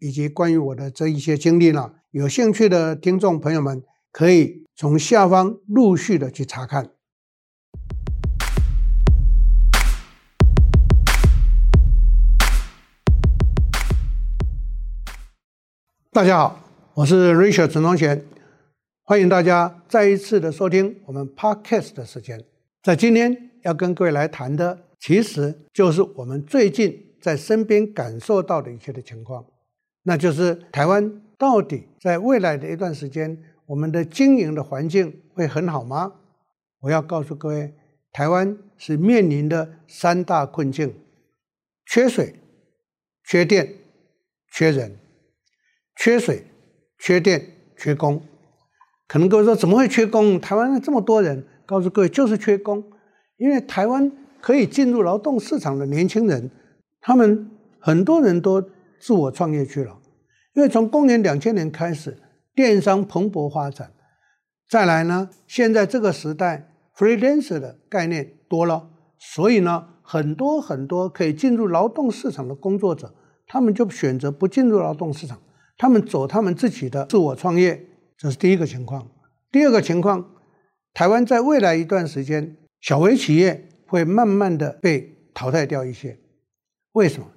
以及關於我的這一些經歷呢，啊，有興趣的聽眾朋友們可以從下方陸續的去查看。大家好，我是 Richard 陳宗賢，歡迎大家再一次的收聽我們 Podcast 的時間。在今天要跟各位來談的，其實就是我們最近在身邊感受到的一些的情況。那就是台灣到底在未來的一段時間，我們的經營的環境會很好嗎？我要告訴各位，台灣是面臨的三大困境：缺水、缺電、缺人；缺水、缺電、缺工。可能各位說怎麼會缺工？台灣這麼多人，告訴各位就是缺工，因為台灣可以進入勞動市場的年輕人，他們很多人都。自我創業去了，因為從公元兩千年開始，電商蓬勃發展。再來呢，現在這個時代，freelancer 的概念多了，所以呢，很多很多可以進入勞動市場的工作者，他們就選擇不進入勞動市場，他們走他們自己的自我創業。這是第一個情況。第二個情況，台灣在未來一段時間，小微企業會慢慢的被淘汰掉一些。為什麼？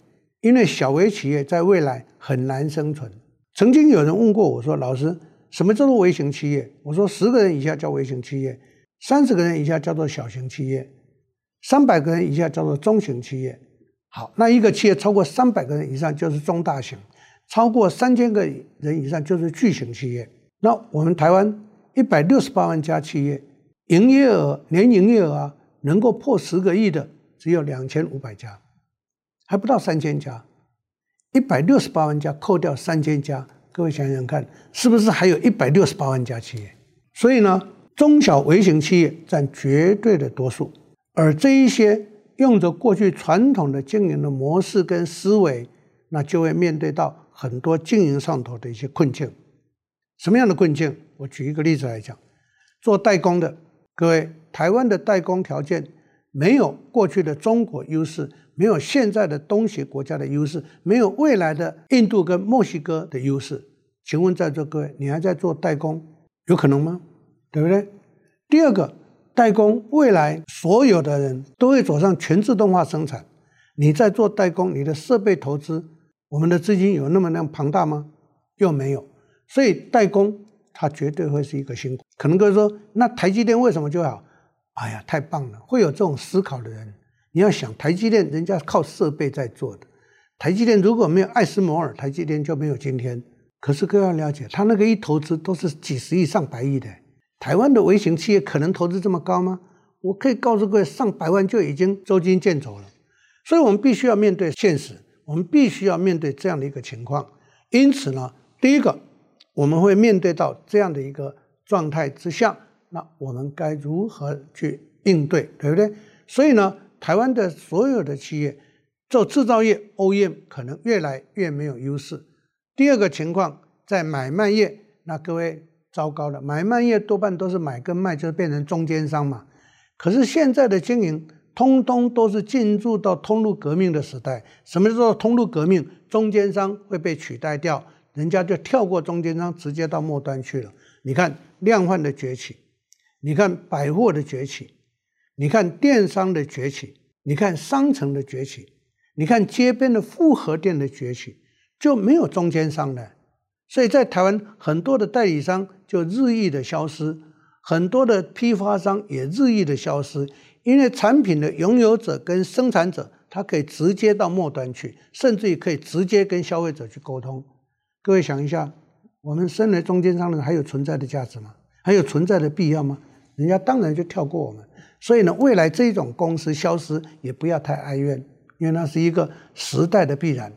因為小微企業在未來很難生存。曾經有人問過我說：“老師，什麼叫做微型企業？”我說：“十個人以下叫微型企業，三十個人以下叫做小型企業，三百個人以下叫做中型企業。好，那一個企業超過三百個人以上就是中大型，超過三千個人以上就是巨型企業。那我們台灣一百六十八萬家企業，營業額，年營業額啊，能夠破十個億的，只有兩千五百家。”還不到三千家，一百六十八萬家扣掉三千家，各位想想看，是不是還有一百六十八萬家企業？所以呢，中小微型企業占絕對的多數，而這一些用着過去傳統的經營的模式跟思維，那就會面對到很多經營上頭的一些困境。什麼樣的困境？我舉一個例子來講，做代工的，各位，台灣的代工條件。沒有過去的中國優勢，沒有現在的東協國家的優勢，沒有未來的印度跟墨西哥的優勢。請問在座各位，你還在做代工，有可能嗎？對不對？第二個，代工未來所有的人都會走上全自動化生產。你在做代工，你的設備投資，我們的資金有那麼那麼龐大嗎？又沒有。所以代工它絕對會是一個辛苦，可能各位說，那台積電為什麼就好？哎呀，太棒了！會有這種思考的人，你要想，台積電人家靠設備在做的，台積電如果沒有艾司摩爾，台積電就沒有今天。可是各位要了解，他那個一投資都是幾十億、上百億的，台灣的微型企業可能投資這麼高嗎？我可以告訴各位，上百萬就已經捉襟見肘了。所以我們必須要面對現實，我們必須要面對這樣的一個情況。因此呢，第一個，我們會面對到這樣的一個狀態之下。那我們該如何去應對，對不對？所以呢，台灣的所有的企業做製造業 OEM 可能越來越沒有優勢。第二個情況在買賣業，那各位糟糕了，買賣業多半都是買跟賣，就是變成中間商嘛。可是現在的經營通通都是進入到通路革命的時代。什麼時候通路革命？中間商會被取代掉，人家就跳過中間商，直接到末端去了。你看量販的崛起。你看百貨的崛起，你看電商的崛起，你看商城的崛起，你看街邊的複合店的崛起，就沒有中間商了。所以在台灣，很多的代理商就日益的消失，很多的批發商也日益的消失，因為產品的擁有者跟生產者，他可以直接到末端去，甚至於可以直接跟消費者去溝通。各位想一下，我們身為中間商的人，還有存在的價值嗎？還有存在的必要嗎？人家當然就跳過我們，所以呢，未來這一種公司消失也不要太哀怨，因為那是一個時代的必然。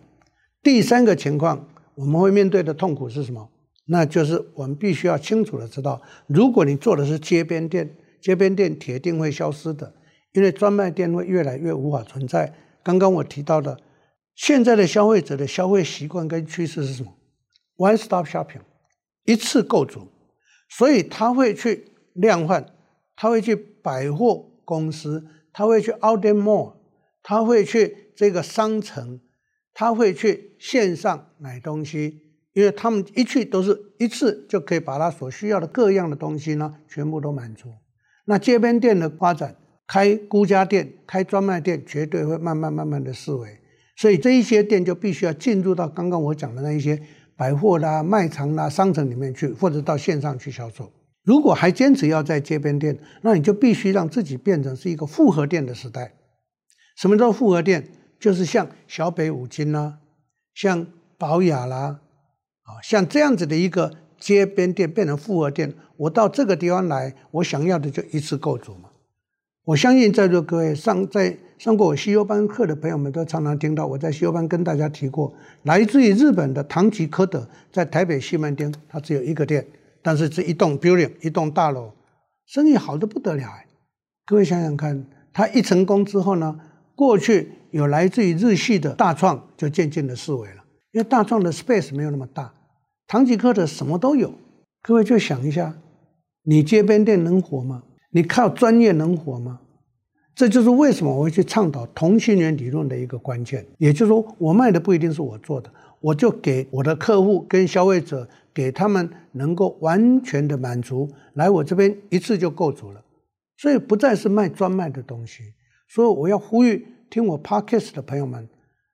第三個情況，我們會面對的痛苦是什麼？那就是我們必須要清楚的知道，如果你做的是街邊店，街邊店鐵定會消失的，因為專賣店會越來越無法存在。剛剛我提到的，現在的消費者的消費習慣跟趨勢是什麼？One-stop shopping，一次購足，所以他會去量販。他會去百貨公司，他會去 Outlet Mall，他會去這個商城，他會去線上買東西，因為他們一去都是一次就可以把他所需要的各樣的東西呢全部都滿足。那街邊店的發展，開孤家店、開專賣店，絕對會慢慢慢慢的式微，所以這一些店就必須要進入到剛剛我講的那一些百貨啦、啊、賣場啦、啊、商城裡面去，或者到線上去銷售。如果還堅持要在街邊店，那你就必須讓自己變成是一個複合店的時代。什麼叫複合店？就是像小北五金啦、啊，像寶雅啦，啊，像這樣子的一個街邊店變成複合店。我到這個地方來，我想要的就一次購足嘛。我相信在座各位上在上過我西遊班課的朋友們都常常聽到，我在西遊班跟大家提過，來自於日本的唐吉訶德在台北西門町，它只有一個店。但是這一棟 building 一棟大樓，生意好得不得了哎！各位想想看，他一成功之後呢，過去有來自於日系的大創就漸漸的式微了，因為大創的 space 沒有那麼大，堂吉訶德什麼都有。各位就想一下，你街邊店能火嗎？你靠專業能火嗎？這就是為什麼我會去倡導同心圓理論的一個關鍵，也就是說，我賣的不一定是我做的，我就給我的客戶跟消費者。給他們能夠完全的滿足，來我這邊一次就夠足了，所以不再是賣專賣的東西。所以我要呼籲聽我 podcast 的朋友們，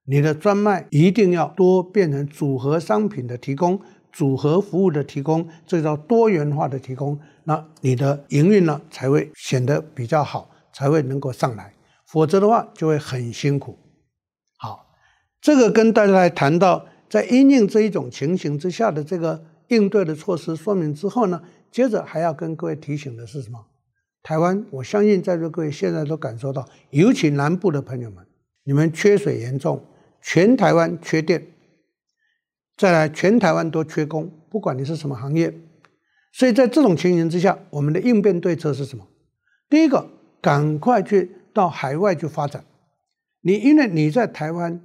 你的專賣一定要多變成組合商品的提供、組合服務的提供，這叫多元化的提供，那你的營運呢才會顯得比較好，才會能夠上來，否則的話就會很辛苦。好，這個跟大家來談到在因應這一種情形之下的這個。應對的措施說明之後呢，接着還要跟各位提醒的是什麼？台灣，我相信在座各位現在都感受到，尤其南部的朋友們，你們缺水嚴重，全台灣缺電，再來全台灣都缺工，不管你是什麼行業。所以在這種情形之下，我們的應變對策是什麼？第一個，趕快去到海外去發展。你因為你在台灣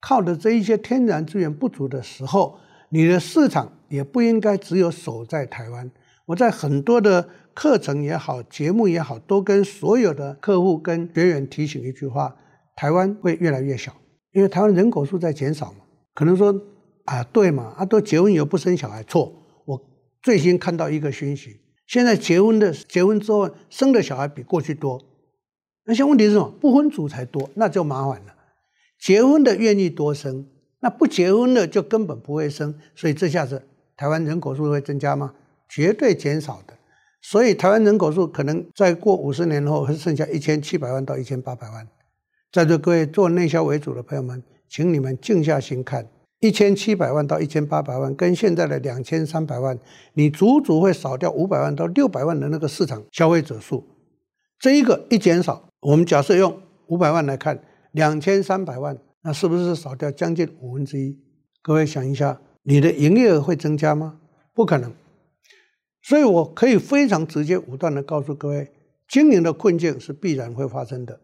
靠的這一些天然資源不足的時候，你的市場也不應該只有守在台灣。我在很多的課程也好，節目也好，都跟所有的客戶跟學員提醒一句話：台灣會越來越小，因為台灣人口數在減少嘛。可能說啊，對嘛，啊都結婚以後不生小孩，錯。我最新看到一個訊息，現在結婚的結婚之後生的小孩比過去多。那現在問題是什麼？不婚族才多，那就麻煩了。結婚的願意多生。那不結婚的就根本不會生，所以這下子台灣人口數會增加嗎？絕對減少的。所以台灣人口數可能再過五十年後會剩下一千七百萬到一千八百萬。在座、就是、各位做內銷為主的朋友們，請你們靜下心看，一千七百萬到一千八百萬跟現在的兩千三百萬，你足足會少掉五百萬到六百萬的那個市場消費者數。這一個一減少，我們假設用五百萬來看，兩千三百萬。那是不是少掉將近五分之一？各位想一下，你的營業額會增加嗎？不可能。所以我可以非常直接、武斷的告訴各位，經營的困境是必然會發生的。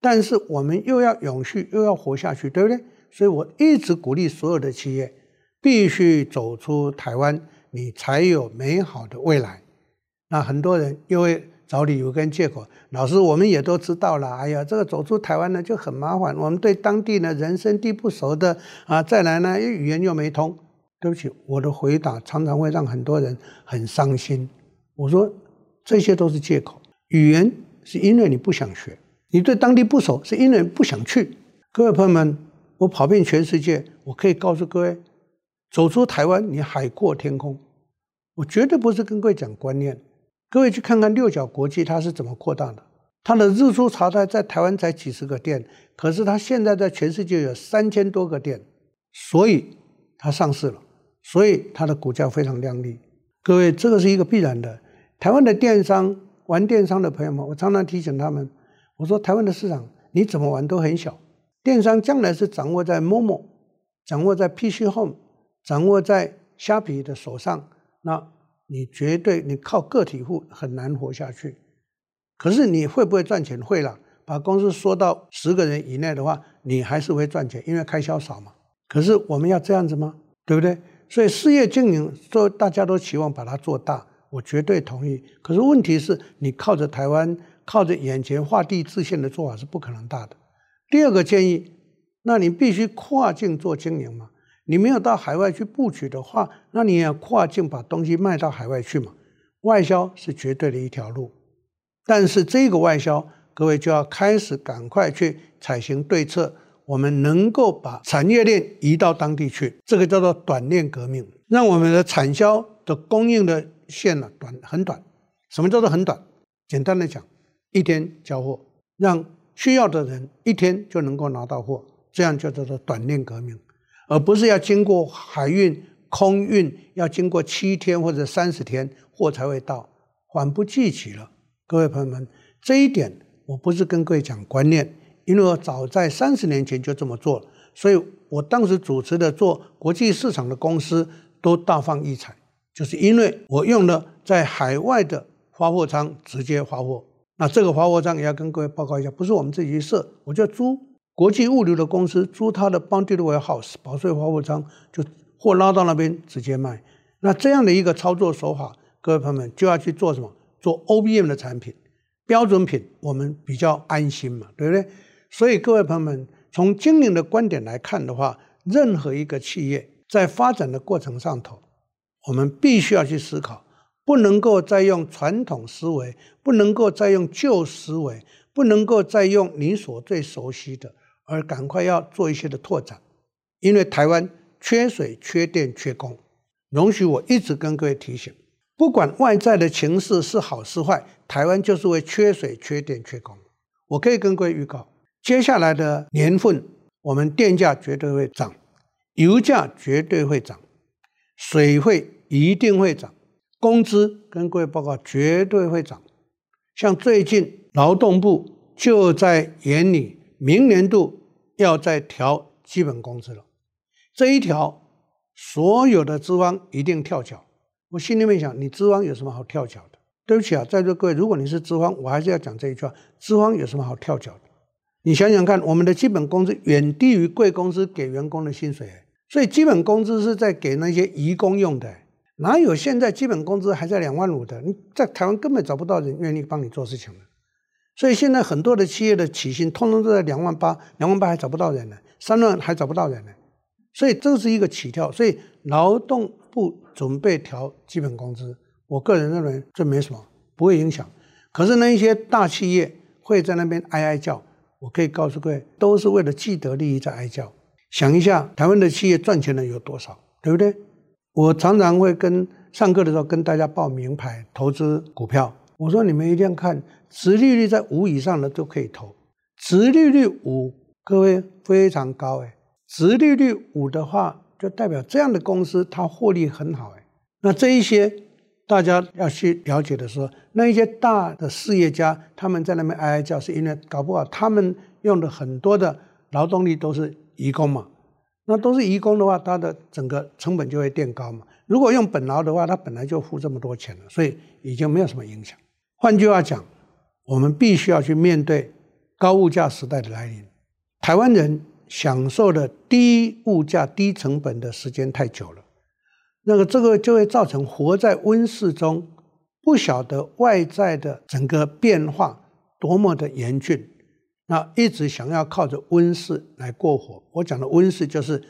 但是我們又要永續，又要活下去，對不對？所以我一直鼓勵所有的企業，必須走出台灣，你才有美好的未來。那很多人因為，找理由跟借口，老師我們也都知道了。哎呀，這個走出台灣呢，就很麻煩。我們對當地呢人生地不熟的啊，再來呢又語言又沒通。對不起，我的回答常常會讓很多人很傷心。我說這些都是借口，語言是因為你不想學，你對當地不熟是因為你不想去。各位朋友們，我跑遍全世界，我可以告訴各位，走出台灣，你海闊天空。我絕對不是跟各位講觀念。各位去看看六角國際它是怎麼擴大的？它的日出茶太在台灣才幾十個店，可是它現在在全世界有三千多個店，所以它上市了，所以它的股價非常靚麗。各位，這個是一個必然的。台灣的電商玩電商的朋友們，我常常提醒他們，我說台灣的市場你怎麼玩都很小，電商將來是掌握在 Momo、掌握在 PC Home、掌握在蝦皮的手上。那。你絕對你靠個體戶很難活下去，可是你會不會賺錢？會了，把公司縮到十個人以內的話，你還是會賺錢，因為開銷少嘛。可是我們要這樣子嗎？對不對？所以事業經營說大家都期望把它做大，我絕對同意。可是問題是，你靠着台灣，靠着眼前畫地自限的做法是不可能大的。第二個建議，那你必須跨境做經營嘛。你沒有到海外去布局的話，那你也要跨境把東西賣到海外去嘛？外銷是絕對的一條路，但是這個外銷，各位就要開始趕快去採行對策。我們能夠把產業鏈移到當地去，這個叫做短鏈革命，讓我們的產銷的供應的線呢、啊、短很短。什麼叫做很短？簡單的講，一天交貨，讓需要的人一天就能夠拿到貨，這樣就叫做短鏈革命。而不是要經過海運、空運，要經過七天或者三十天，貨才會到，緩不濟急了。各位朋友們，這一點我不是跟各位講觀念，因為我早在三十年前就這麼做了，所以我當時主持的做國際市場的公司都大放異彩，就是因為我用了在海外的發貨倉直接發貨。那這個發貨倉也要跟各位報告一下，不是我們自己設，我叫租。國際物流的公司租他的 bonded warehouse 保稅發貨倉，就貨拉到那邊直接賣。那這樣的一個操作手法，各位朋友們就要去做什麼？做 OBM 的產品標準品，我們比較安心嘛，對不對？所以各位朋友們從經營的觀點來看的話，任何一個企業在發展的過程上頭，我們必須要去思考，不能夠再用傳統思維，不能夠再用舊思維，不能夠再用你所最熟悉的。而趕快要做一些的拓展，因為台灣缺水、缺電、缺工。容許我一直跟各位提醒，不管外在的情勢是好是壞，台灣就是會缺水、缺電、缺工。我可以跟各位預告，接下來的年份，我們電價絕對會漲，油價絕對會漲，水費一定會漲，工資跟各位報告絕對會漲。像最近勞動部就在眼裡。明年度要再調基本工資了，這一調，所有的資方一定跳腳。我心裡面想，你資方有什麼好跳腳的？對不起啊，在座各位，如果你是資方，我還是要講這一句話：資方有什麼好跳腳的？你想想看，我們的基本工資遠低於貴公司給員工的薪水，所以基本工資是在給那些移工用的。哪有現在基本工資還在兩萬五的？你在台灣根本找不到人願意幫你做事情的。所以現在很多的企業的起薪通通都在兩萬八，兩萬八還找不到人呢，三萬還找不到人呢，所以這是一個起跳。所以勞動部準備調基本工資，我個人認為這沒什麼，不會影響。可是那一些大企業會在那邊哀哀叫，我可以告訴各位，都是為了既得利益在哀叫。想一下，台灣的企業賺錢的有多少，對不對？我常常會跟上課的時候跟大家報名牌，投資股票，我說你們一定要看。殖利率在五以上的都可以投，殖利率五，各位非常高哎！殖利率五的話，就代表這樣的公司它獲利很好哎。那這一些大家要去了解的時候，那一些大的事業家他們在那邊哀哀叫，是因為搞不好他們用的很多的勞動力都是移工嘛，那都是移工的話，它的整個成本就會墊高嘛。如果用本勞的話，他本來就付這麼多錢了，所以已經沒有什麼影響。換句話講。我們必須要去面對高物價時代的來臨。台灣人享受了低物價、低成本的時間太久了，那個這個就會造成活在溫室中，不曉得外在的整個變化多麼的嚴峻。那一直想要靠着溫室來過活。我講的溫室就是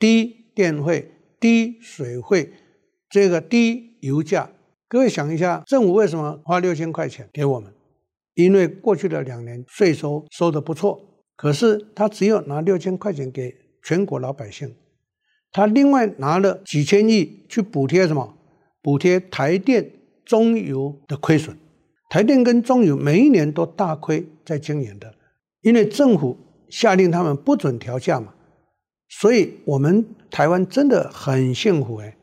低電費、低水費，這個低油價。各位想一下，政府為什麼花六千塊錢給我們？因為過去的兩年稅收收得不錯，可是他只有拿六千塊錢給全國老百姓，他另外拿了幾千億去補貼什麼？補貼台電、中油的虧損。台電跟中油每一年都大虧，在經營的，因為政府下令他們不准調價嘛。所以我們台灣真的很幸福哎、欸！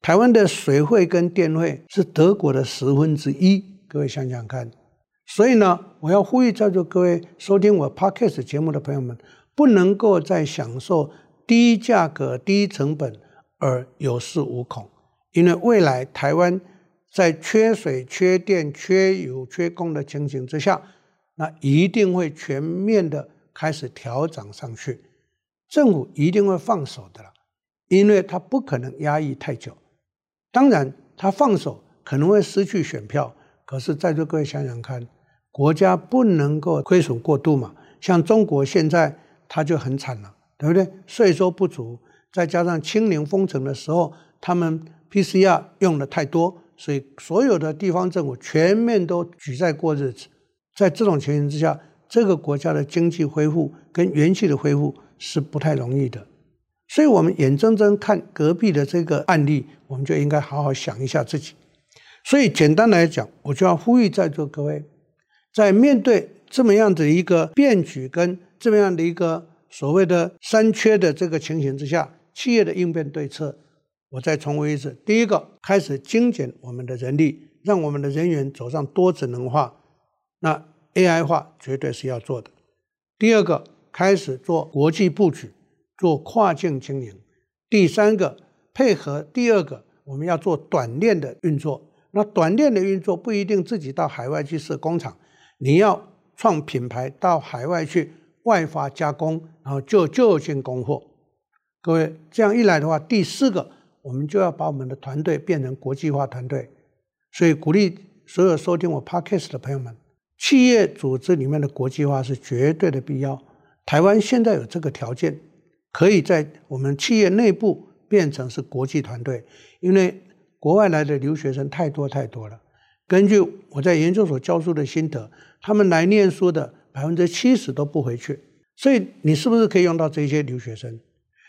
台灣的水費跟電費是德國的十分之一，各位想想看。所以呢，我要呼籲在座各位收聽我 podcast 節目的朋友們，不能夠再享受低價格、低成本而有恃無恐，因為未來台灣在缺水、缺電、缺油、缺工的情形之下，那一定會全面的開始調整上去，政府一定會放手的了，因為他不可能壓抑太久，當然他放手可能會失去選票。可是，在座各位想想看，國家不能夠虧損過度嘛？像中國現在，它就很慘了，對不對？稅收不足，再加上清零封城的時候，他們 PCR 用的太多，所以所有的地方政府全面都舉債過日子。在這種情形之下，這個國家的經濟恢復跟元氣的恢復是不太容易的。所以我們眼睜睜看隔壁的這個案例，我們就應該好好想一下自己。所以簡單來講，我就要呼籲在座各位，在面對這麼樣的一個變局跟這麼樣的一個所謂的三缺的這個情形之下，企業的應變對策，我再重複一次：第一個，開始精簡我們的人力，讓我們的人員走上多職能化；那 AI 化絕對是要做的。第二個，開始做國際布局，做跨境經營。第三個，配合第二個，我們要做短鏈的運作。那短鏈的運作不一定自己到海外去設工廠，你要創品牌到海外去外發加工，然後就就近供貨。各位，這樣一來的話，第四個，我們就要把我們的團隊變成國際化團隊。所以，鼓勵所有收聽我 podcast 的朋友們，企業組織裡面的國際化是絕對的必要。台灣現在有這個條件，可以在我們企業內部變成是國際團隊，因為，國外來的留學生太多太多了。根據我在研究所教書的心得，他們來念書的百分之七十都不回去，所以你是不是可以用到這些留學生？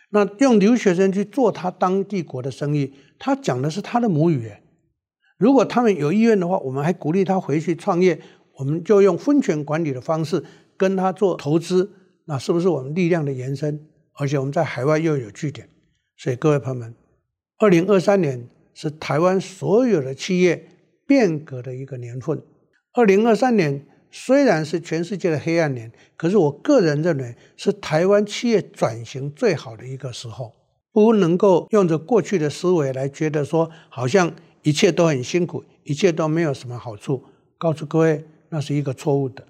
那用留學生去做他當地國的生意，他講的是他的母語。如果他們有意願的話，我們還鼓勵他回去創業，我們就用分權管理的方式跟他做投資。那是不是我們力量的延伸？而且我們在海外又有據點，所以各位朋友們，二零二三年。是台灣所有的企業變革的一個年份。二零二三年雖然是全世界的黑暗年，可是我個人認為是台灣企業轉型最好的一個時候。不能夠用着過去的思維來覺得說，好像一切都很辛苦，一切都沒有什麼好處。告訴各位，那是一個錯誤的。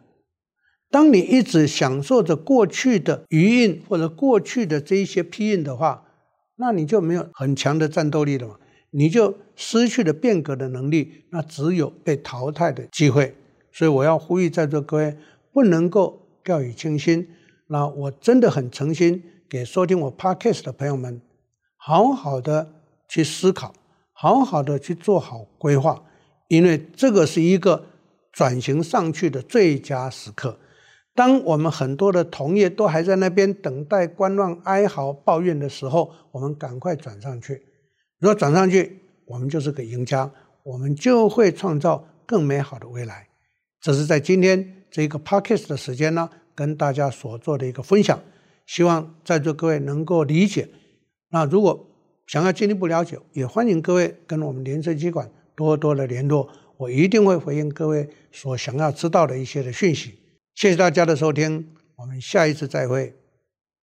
當你一直享受着過去的餘韻，或者過去的這一些批印的話，那你就沒有很強的戰鬥力了嘛。你就失去了變革的能力，那只有被淘汰的機會。所以我要呼籲在座各位，不能夠掉以輕心。那我真的很誠心給收聽我 podcast 的朋友們，好好的去思考，好好的去做好規劃，因為這個是一個轉型上去的最佳時刻。當我們很多的同業都還在那邊等待觀望、哀嚎抱怨的時候，我們趕快轉上去。如果轉上去，我們就是個贏家，我們就會創造更美好的未來。這是在今天這一個 Podcast 的時間呢，跟大家所做的一個分享。希望在座各位能夠理解。那如果想要進一步了解，也歡迎各位跟我們聯聖企管多多的聯絡，我一定會回應各位所想要知道的一些的訊息。謝謝大家的收聽，我們下一次再會。